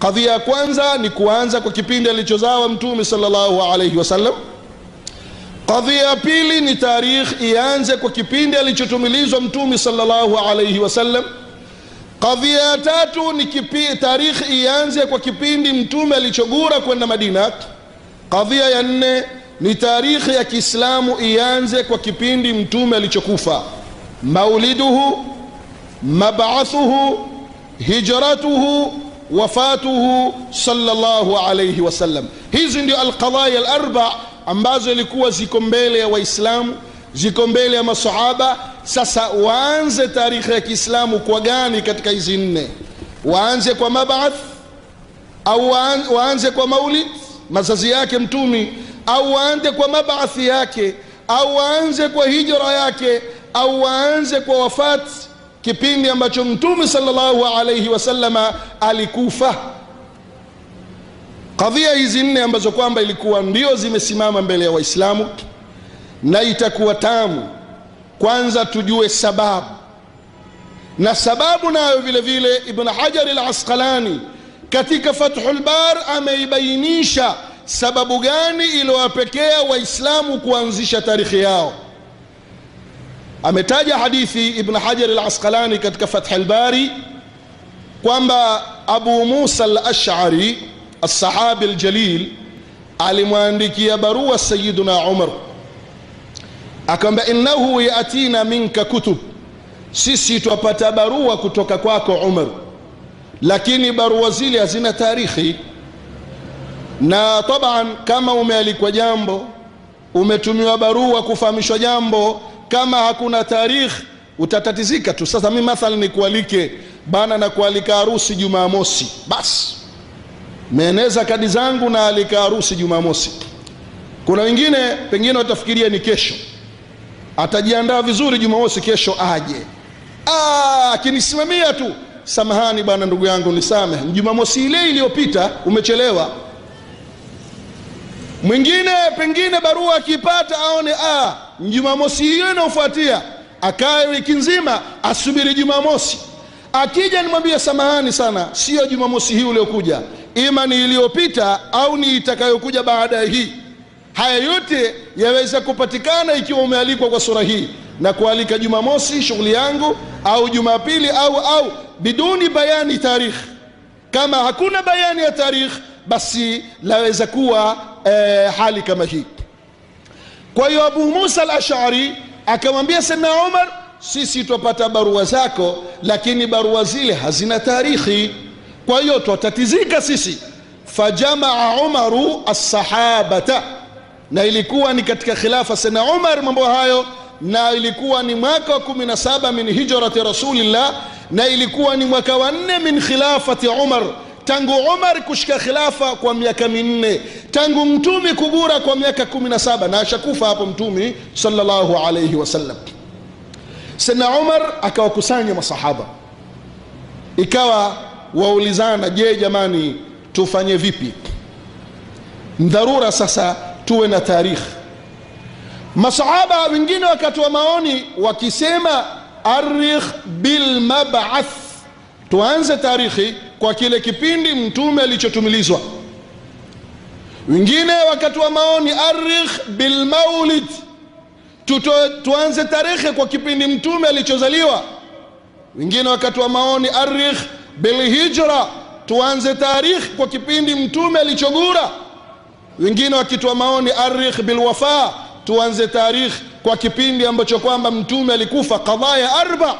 kadhia ya kwanza ni kuanza kwa kipindi alichozawa mtume salllahu alaihi wasallam kadhia ya pili ni tarikh ianze kwa kipindi alichotumilizwa mtume salllahu alaihi wasallam kadhia ya tatu ni kipi, tarikh ianze kwa kipindi mtume alichogura kwenda madina kadhia ya nne ni tarikhi ya kiislamu ianze kwa kipindi mtume alichokufa mauliduhu mabathuhu hijratuhu wafatuhu sallallahu alayhi wasallam hizi ndio alqadaya alarba ambazo ilikuwa ziko mbele ya waislamu ziko mbele ya masahaba sasa waanze taarikhi ya kiislamu kwa gani katika hizi nne waanze kwa mabath au waanze kwa maulid mazazi yake mtumi au waanze kwa mabaathi yake au waanze kwa hijra yake au waanze kwa wafati kipindi ambacho mtume sallallahu alaihi wasallama alikufa kadhia hizi nne ambazo kwamba ilikuwa ndio zimesimama mbele ya waislamu na itakuwa tamu kwanza tujue sababu na sababu nayo vile vile ibn hajari lasqalani katika fathul bar ameibainisha sababu gani iliyowapekea waislamu kuanzisha tarikhi yao ametaja hadithi Ibn Hajar alasqalani katika fathi lbari kwamba Abu Musa alashari alsahabi aljalil alimwandikia barua sayiduna Umar akamwambia, innahu yatina minka kutub, sisi twapata barua kutoka kwako Umar, lakini barua zile hazina tarikhi. Na taban, kama umealikwa jambo, umetumiwa barua kufahamishwa jambo kama hakuna tarikh utatatizika tu sasa mi mathala nikualike bana na kualika harusi jumamosi basi meeneza kadi zangu na alika harusi jumamosi kuna wengine pengine watafikiria ni kesho atajiandaa vizuri jumamosi kesho aje ah, akinisimamia tu samahani bwana ndugu yangu nisamehe jumamosi ile iliyopita umechelewa mwingine pengine barua akipata aone aa, ah, jumamosi hiyo inaofuatia akae wiki nzima asubiri jumamosi akija nimwambie samahani sana siyo jumamosi hii uliokuja ima ni iliyopita au ni itakayokuja baada ya hii haya yote yaweza kupatikana ikiwa umealikwa kwa sura hii na kualika jumamosi shughuli yangu au jumapili au au biduni bayani tarikh kama hakuna bayani ya tarikh basi laweza kuwa e, hali kama hii Kwa hiyo Abu Musa al-Ash'ari akamwambia Saidna Umar, sisi twapata barua zako, lakini barua zile hazina tarikhi, kwa hiyo twatatizika sisi. Fajamaa Umaru as-sahabata, na ilikuwa ni katika khilafa Saidna Umar mambo hayo, na ilikuwa ni mwaka wa kumi na saba min hijrati Rasulillah, na ilikuwa ni mwaka wa nne min khilafati Umar tangu umar kushika khilafa kwa miaka minne tangu mtumi kugura kwa miaka 17 na saba ashakufa hapo mtumi salllahu alaihi wasallam sana umar akawakusanya masahaba ikawa waulizana je jamani tufanye vipi dharura sasa tuwe na taarikhi masahaba wengine wakatoa maoni wakisema arikh bilmabath tuanze tarikhi kwa kile kipindi mtume alichotumilizwa wengine wakati wa maoni arikh bilmaulid tuanze tarehe kwa kipindi mtume alichozaliwa wengine wakati wa maoni arikh bilhijra tuanze tarikh kwa kipindi mtume alichogura wengine wakitoa maoni arikh bilwafa tuanze tarikh kwa kipindi ambacho kwamba mtume alikufa kadhaa ya arba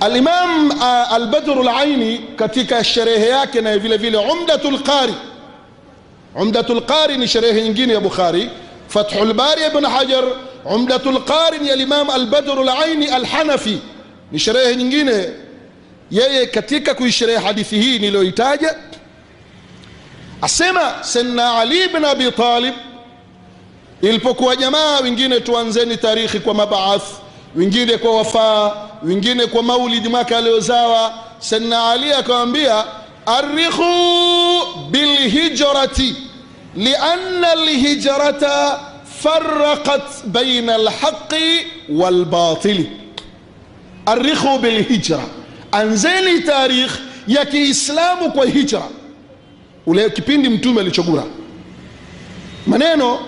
Alimam uh, Albadru Laini katika sherehe yake na vile vile Umdatul Qari, Umdatul Qari ni sherehe nyingine ya Bukhari, Fathul Bari Ibn Hajar, Umdatul Qari ni Alimam Albadru Laini Alhanafi, ni sherehe nyingine yeye katika kuisherehe hadithi hii niliyoitaja asema Sayyidina Ali bin Abi Talib, ilipokuwa jamaa wengine, tuanzeni tarikhi kwa mabaath wengine kwa wafaa, wengine kwa maulidi mwaka aliozawa. Sanna Ali akawambia arikhu bilhijrati lianna lhijrata faraqat baina lhaqi walbatili. Arikhu bilhijra, anzeni tarikh ya Kiislamu kwa hijra, ule kipindi Mtume alichogura maneno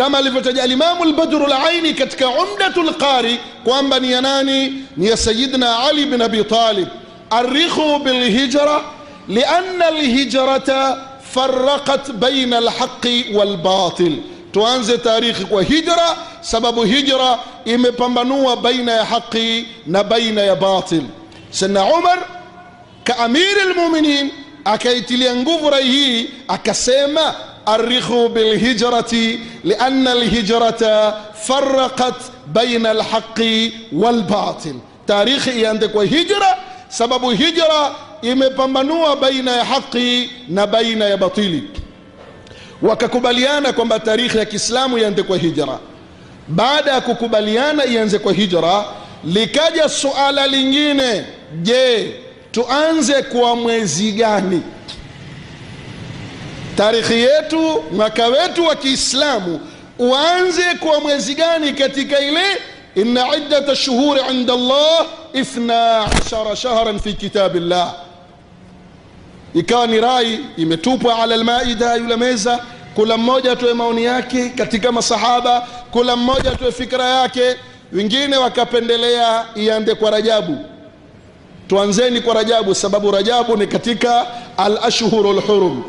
kama alivyotaja alimamu lbadru laini katika umdatu lqari kwamba ni ya nani ni ya sayidina ali bin abi talib arikhu bilhijra lianna lhijrata faraqat baina alhaqi walbatil tuanze tarikhi kwa hijra sababu hijra imepambanua baina ya haqi na baina ya batil sidna umar ka amiri lmuminin akaitilia nguvu rai hii akasema أرخوا بالهجرة لأن الهجرة فرقت بين الحق والباطل تاريخ يندك إيه وهجرة سبب هجرة إما بمنوى بين الحق نبين يبطل وككباليانا كما تاريخ الإسلام يندك وهجرة بعد ككباليانا يندك وهجرة لكاج السؤال لنجين جي تؤنزك ومزيجاني Tarikhi yetu mwaka wetu wa Kiislamu uanze kwa mwezi gani katika ile ina iddata shuhuri inda llah ithna ashara shahran fi kitabi llah Ikawa ni rai imetupwa ala lmaida yule meza, kula mmoja atoe maoni yake katika masahaba, kula mmoja atoe fikira yake. Wengine wakapendelea iande kwa Rajabu. Tuanzeni kwa Rajabu, sababu Rajabu ni katika al lhurum hurum.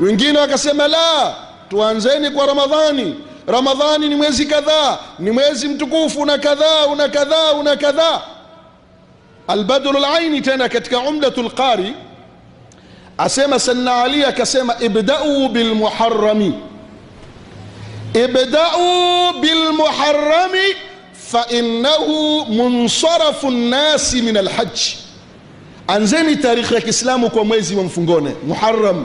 Wengine wakasema la, tuanzeni kwa Ramadhani. Ramadhani ni mwezi kadhaa, ni mwezi mtukufu, una kadhaa una kadhaa una kadhaa. Albadru Laini tena katika Umdatu Lqari asema Sanna Ali akasema, ibdau bilmuharami, ibdau bilmuharami fainnahu munsarafu nnasi min alhaji, anzeni tarikhi ya Kiislamu kwa mwezi wa mfungone Muharram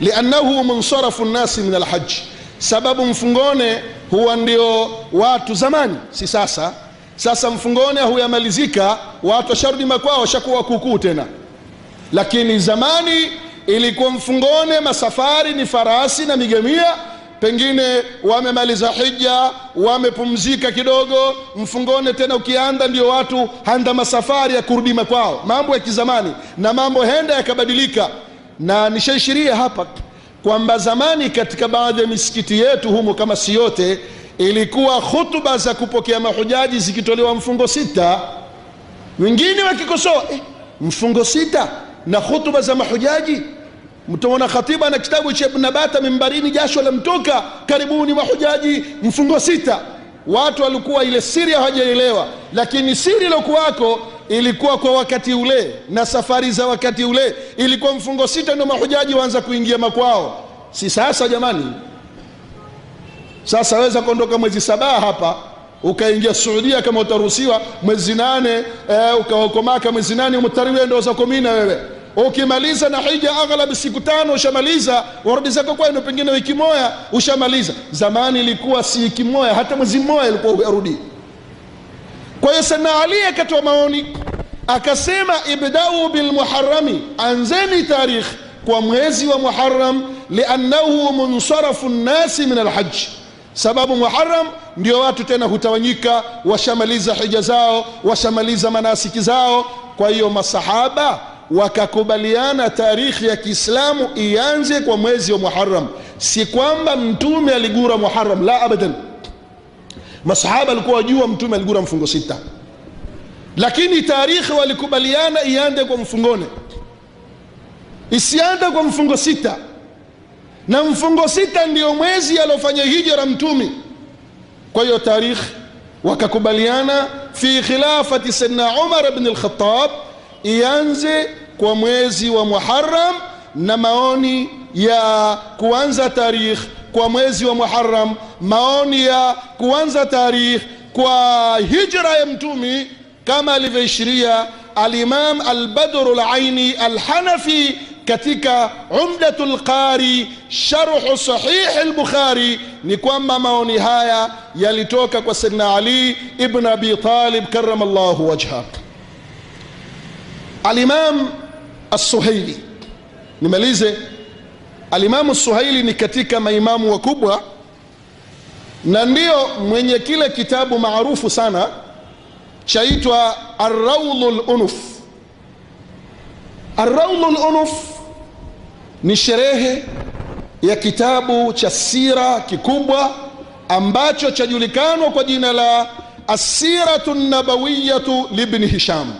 liannahu munsarafu nnasi min alhaji, sababu mfungone huwa ndio watu zamani, si sasa. Sasa mfungone huyamalizika, watu washarudi makwao, washakuwa kuukuu tena, lakini zamani ilikuwa mfungone masafari ni farasi na migamia pengine wamemaliza hija wamepumzika kidogo mfungone tena ukianda ndio watu handa masafari ya kurudi makwao mambo ya kizamani na mambo henda yakabadilika na nishaishiria hapa kwamba zamani katika baadhi ya misikiti yetu humu kama si yote ilikuwa khutuba za kupokea mahujaji zikitolewa mfungo sita wengine wakikosoa eh, mfungo sita na khutuba za mahujaji mtaona khatiba na kitabu cha ibn bata mimbarini jasho la mtoka karibuni mahujaji mfungo sita watu walikuwa ile siri hawajaelewa lakini siri ilokuwako ilikuwa kwa wakati ule na safari za wakati ule ilikuwa mfungo sita ndio mahujaji waanza kuingia makwao si sasa jamani sasa waweza kuondoka mwezi saba hapa ukaingia suudia kama utaruhusiwa mwezi nane e, eh, ukawa mwezi nane umtariwe ndo zako wewe ukimaliza na hija aghlabu siku tano ushamaliza warudi zako kwenu pengine wiki moja ushamaliza zamani ilikuwa si wiki moja hata mwezi mmoja ilikuwa urudi kwa hiyo sana Ali akatoa maoni akasema, ibdau bilmuharami, anzeni tarikh kwa mwezi wa muharam liannahu munsarafu nnasi min alhaji sababu muharam ndio watu tena hutawanyika, washamaliza hija zao, washamaliza manasiki zao. Kwa hiyo masahaba wakakubaliana tarikhi ya Kiislamu ianze kwa mwezi wa muharam si kwamba mtume aligura muharam la abadan masahaba alikuwa wajua mtume aligura mfungo sita lakini tarikhi walikubaliana iande kwa mfungone isiande kwa mfungo sita na mfungo sita ndiyo mwezi aliofanya hijra mtumi kwa hiyo tarikhi wakakubaliana fi khilafati saidna umar bni lkhatab ianze kwa mwezi wa muharam na maoni ya kuanza tarikhi kwa mwezi wa Muharram, maoni ya kuanza tarikh kwa hijra ya Mtumi kama alivyoishiria Alimam Albadru Laini Alhanafi katika Umdatu Lqari sharhu Sahihi Lbukhari, ni kwamba maoni haya yalitoka kwa Saidna Ali Ibn Abi Talib karama llahu wajha. Alimam Assuhaili nimalize Alimamu Suhaili ni katika maimamu wakubwa na ndiyo mwenye kile kitabu maarufu sana chaitwa Arraudhu Lunuf. Arraudhu Lunuf ni sherehe ya kitabu cha sira kikubwa ambacho chajulikanwa kwa jina la Assiratu Nabawiyatu libni Hisham.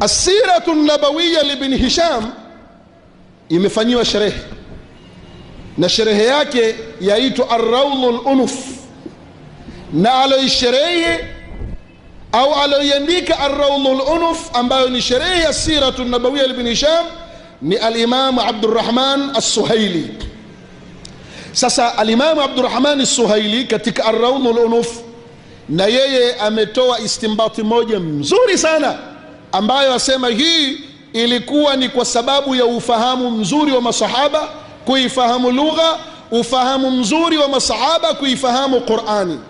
Assiratu Nabawiya libni Hisham imefanyiwa sherehe na sherehe yake yaitwa arraudhu lunuf na aloisherehe au aloiandika arraudhu lunuf ambayo ni sherehe ya siratu nabawiya libni hisham ni alimamu abdurahman assuhaili sasa alimamu abdurahman suhaili katika arraudhu lunuf na yeye ametoa istimbati moja mzuri sana ambayo asema hii ilikuwa ni kwa sababu ya ufahamu mzuri wa masahaba kuifahamu lugha, ufahamu mzuri wa masahaba kuifahamu Qurani.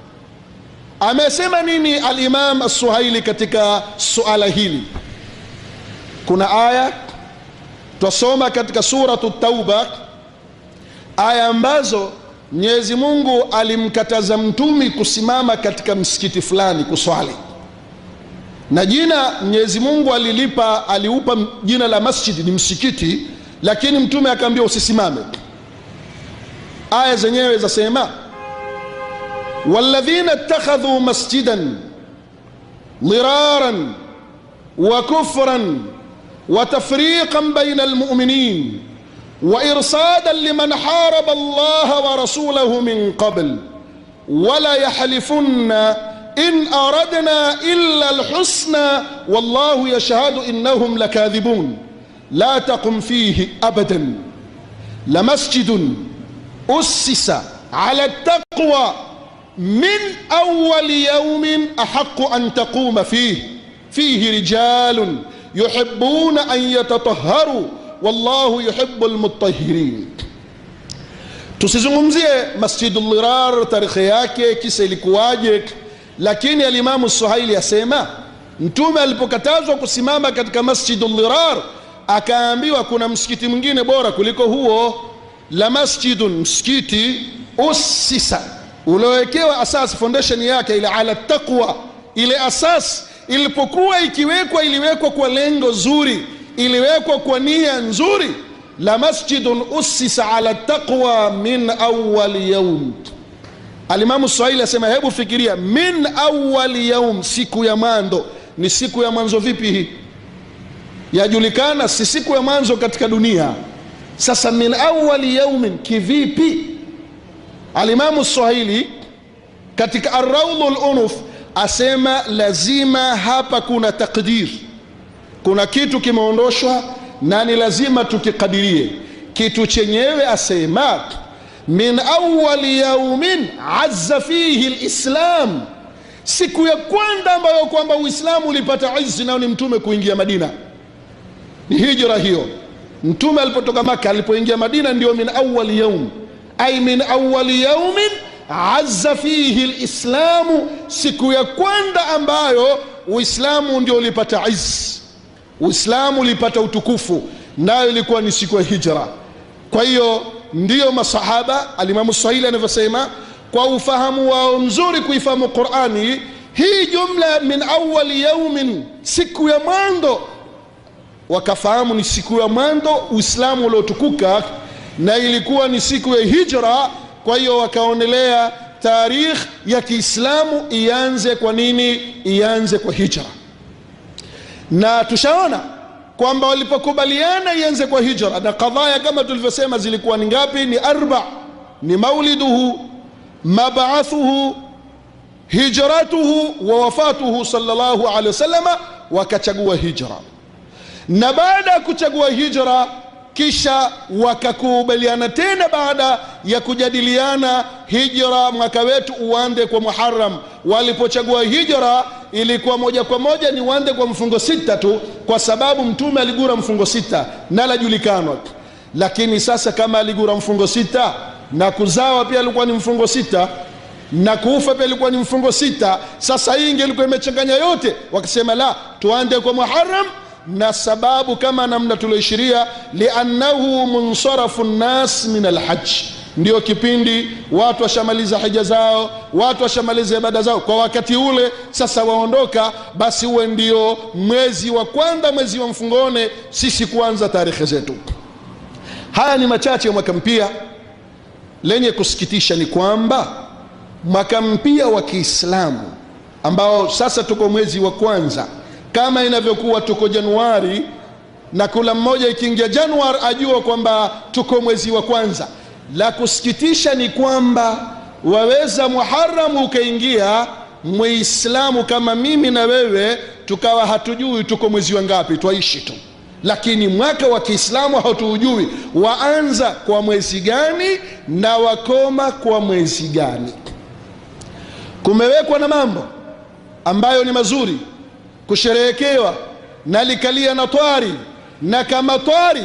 Amesema nini Alimam As-Suhaili katika suala hili? Kuna aya twasoma katika Suratu Tauba, aya ambazo Mwenyezi Mungu alimkataza mtumi kusimama katika msikiti fulani kuswali na jina Mwenyezi Mungu alilipa aliupa jina la masjidi ni msikiti, lakini mtume akaambia usisimame. Aya zenyewe zasema, walladhina ittakhadhu masjidan dhiraran wa kufran wa tafriqan baina almu'minin wa irsadan liman haraba Allah wa rasulahu min qabl wala yahlifunna إن أردنا إلا الحسنى والله يشهد إنهم لكاذبون لا تقم فيه أبدا لمسجد أسس على التقوى من أول يوم أحق أن تقوم فيه فيه رجال يحبون أن يتطهروا والله يحب المطهرين tusizungumzie eh, masjidul مسجد tarehe yake kisa ilikuwaje Lakini alimamu Suhaili asema mtume alipokatazwa kusimama katika masjidu dhirar akaambiwa kuna msikiti mwingine bora kuliko huo, la masjidun, msikiti usisa uliowekewa asas foundation yake ile ala taqwa, ile asas ilipokuwa ikiwekwa iliwekwa kwa lengo zuri, iliwekwa kwa nia nzuri. La masjidun usisa ala taqwa min awwal yawm Alimamu Swahili asema, hebu fikiria, min awali yaum, siku ya mwanzo. Ni siku ya mwanzo vipi hii? Yajulikana si siku ya mwanzo katika dunia. Sasa min awali yaumin, kivipi? Alimamu Swahili katika Arraudhu Lunuf asema lazima hapa kuna takdir, kuna kitu kimeondoshwa na ni lazima tukikadirie kitu chenyewe. Asema min awali yaumin azza fihi lislam siku ya kwanza ambayo kwamba uislamu ulipata izi nao ni mtume kuingia madina ni hijra hiyo mtume alipotoka maka alipoingia madina ndio min awali yaum ai min awali yaumin azza fihi lislamu siku ya kwanza ambayo uislamu ndio ulipata izi uislamu ulipata utukufu nayo ilikuwa ni siku ya hijra kwa hiyo ndiyo masahaba alimamu swahili anavyosema kwa ufahamu wao mzuri kuifahamu qurani hii jumla min awali yaumin siku ya mwando wakafahamu ni siku ya mwando uislamu uliotukuka na ilikuwa ni siku ya hijra kwa hiyo wakaonelea tarikh ya kiislamu ianze kwa nini ianze kwa hijra na tushaona kwamba walipokubaliana ianze kwa hijra, na kadhaya kama tulivyosema zilikuwa ni ngapi? Ni arba, ni mauliduhu, mabaathuhu, hijratuhu wa wafatuhu sallallahu alaihi wasallama. Wakachagua hijra, na baada ya kuchagua hijra kisha wakakubaliana tena baada ya kujadiliana, hijra mwaka wetu uande kwa Muharram. Walipochagua hijra, ilikuwa moja kwa moja ni uande kwa mfungo sita tu, kwa sababu Mtume aligura mfungo sita na lajulikanwa. Lakini sasa kama aligura mfungo sita na kuzawa pia alikuwa ni mfungo sita na kuufa pia ilikuwa ni mfungo sita, sasa hii ingelikuwa imechanganya yote, wakasema la, tuande kwa Muharram na sababu kama namna tulioishiria, liannahu munsarafu nnas min alhaji, ndio kipindi watu washamaliza hija zao, watu washamaliza ibada zao kwa wakati ule, sasa waondoka. Basi uwe ndio mwezi wa kwanza, mwezi wa mfungone, sisi kuanza tarehe zetu. Haya ni machache ya mwaka mpya. Lenye kusikitisha ni kwamba mwaka mpya wa Kiislamu ambao sasa tuko mwezi wa kwanza kama inavyokuwa tuko Januari na kula mmoja ikiingia Januari ajua kwamba tuko mwezi wa kwanza. La kusikitisha ni kwamba waweza Muharamu ukaingia Muislamu kama mimi na wewe tukawa hatujui tuko mwezi wa ngapi, twaishi tu, lakini mwaka wa Kiislamu hatuujui, waanza kwa mwezi gani na wakoma kwa mwezi gani. Kumewekwa na mambo ambayo ni mazuri kusherehekewa na likalia na twari na kama twari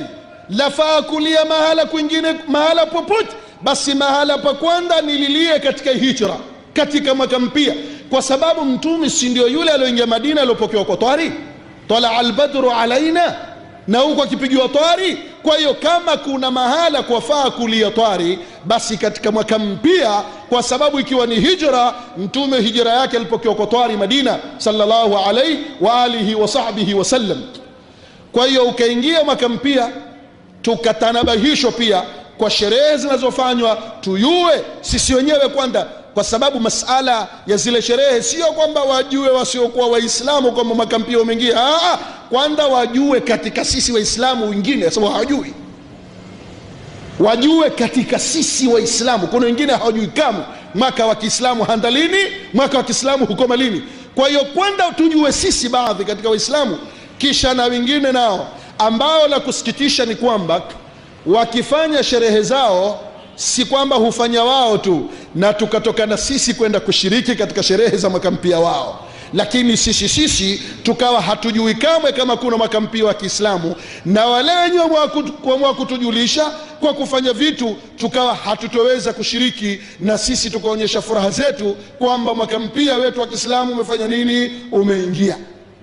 lafaa kulia mahala kwingine mahala popote basi mahala pa kwanza nililie katika hijra katika mwaka mpya kwa sababu mtume si ndio yule aliyoingia madina aliopokewa kwa twari talaa albadru alaina na huko akipigiwa twari kwa hiyo kama kuna mahala kwafaa kulia twari, basi katika mwaka mpya, kwa sababu ikiwa ni hijra, Mtume hijra yake alipokuwa kwa twari Madina sallallahu alaihi wa alihi wa sahbihi sallam. Kwa hiyo ukaingia mwaka mpya, tukatanabahishwa pia kwa sherehe zinazofanywa, tuyue sisi wenyewe kwanza kwa sababu masala ya zile sherehe sio kwamba wajue wasiokuwa waislamu kwamba mwaka mpya umeingia kwanza wajue katika sisi waislamu wengine kwa sababu hawajui wajue katika sisi waislamu kuna wengine hawajui kamwe mwaka wa kiislamu handalini mwaka wa kiislamu huko malini kwa hiyo kwanda tujue sisi baadhi katika waislamu kisha na wengine nao ambao la kusikitisha ni kwamba wakifanya sherehe zao si kwamba hufanya wao tu na tukatokana sisi kwenda kushiriki katika sherehe za mwaka wao lakini sisi sisi tukawa hatujui kamwe kama kuna mwaka wa Kiislamu, na wale wenye kuamua kutujulisha kwa kufanya vitu tukawa hatutoweza kushiriki, na sisi tukaonyesha furaha zetu kwamba mwaka wetu wa Kiislamu umefanya nini, umeingia.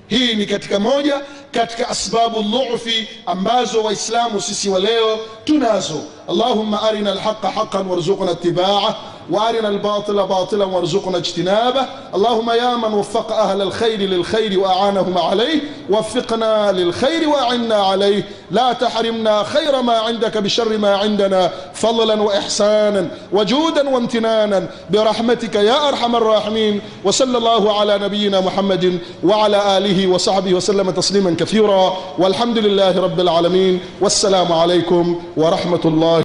Hii ni katika moja katika asbabu dhufi ambazo Waislamu sisi wa leo tunazo. Allahumma arina alhaqa haqqan warzuqna tibaa وارنا الباطل باطلا وارزقنا اجتنابه اللهم يا من وفق أهل الخير للخير وأعانهم عليه وفقنا للخير وأعنا عليه لا تحرمنا خير ما عندك بشر ما عندنا فضلا وإحسانا وجودا وامتنانا برحمتك يا أرحم الراحمين وصلى الله على نبينا محمد وعلى آله وصحبه وسلم تسليما كثيرا والحمد لله رب العالمين والسلام عليكم ورحمة الله